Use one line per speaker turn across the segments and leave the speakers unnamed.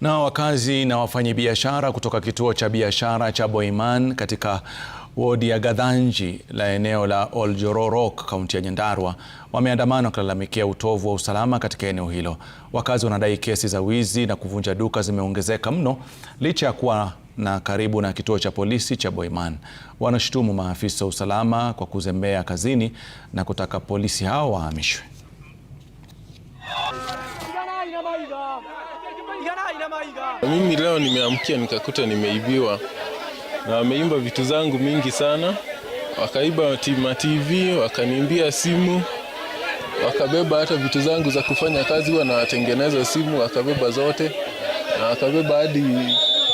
Na wakazi na wafanyabiashara kutoka kituo cha biashara cha Boiman katika wodi ya Gadhanji la eneo la Oljororok kaunti ya Nyandarua wameandamana wakilalamikia utovu wa usalama katika eneo hilo. Wakazi wanadai kesi za wizi na kuvunja duka zimeongezeka mno licha ya kuwa na karibu na kituo cha polisi cha Boiman. Wanashutumu maafisa wa usalama kwa kuzembea kazini na kutaka polisi hao wahamishwe.
Mimi leo nimeamkia nikakuta nimeibiwa na wameimba vitu zangu mingi sana, wakaiba ma TV, wakaniimbia simu, wakabeba hata vitu zangu za kufanya kazi, huwa nawatengeneza simu, wakabeba zote na wakabeba hadi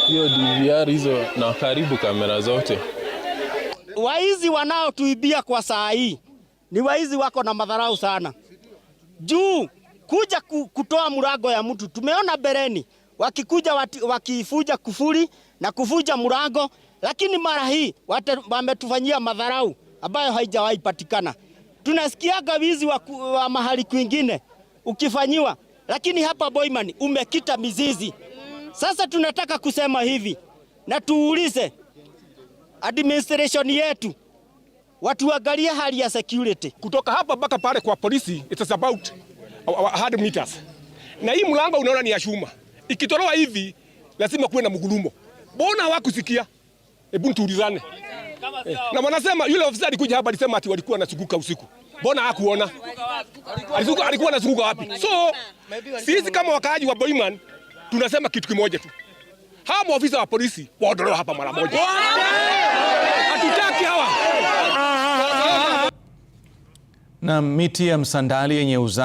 hiyo DVR hizo na wakaribu kamera zote.
Waizi wanaotuibia kwa saa hii ni waizi wako na madharau sana juu kuja kutoa mlango ya mtu. Tumeona bereni wakikuja wakifuja kufuri na kuvuja mlango, lakini mara hii wametufanyia madharau ambayo haijawahi patikana. Tunasikiaga wizi wa, wa mahali kwingine ukifanyiwa, lakini hapa Boyman umekita mizizi. Sasa tunataka kusema hivi na tuulize administration yetu watuangalie hali ya security
kutoka hapa mpaka pale kwa polisi, it is about hard meters. Na hii mlango unaona ni ya chuma. Ikitolewa hivi lazima kuwe na mgulumo Mbona hawakusikia? Hebu tuulizane. Eh, na wanasema yule ofisa alikuja hapa alisema ati walikuwa wanazunguka usiku. Mbona hakuona? Alizunguka, alikuwa anazunguka wapi? So sisi kama wakaaji wa Boiman tunasema kitu kimoja tu. Hawa maofisa wa polisi waondolewe hapa mara moja. Hatutaki hawa.
Na miti ya msandali yenye uzani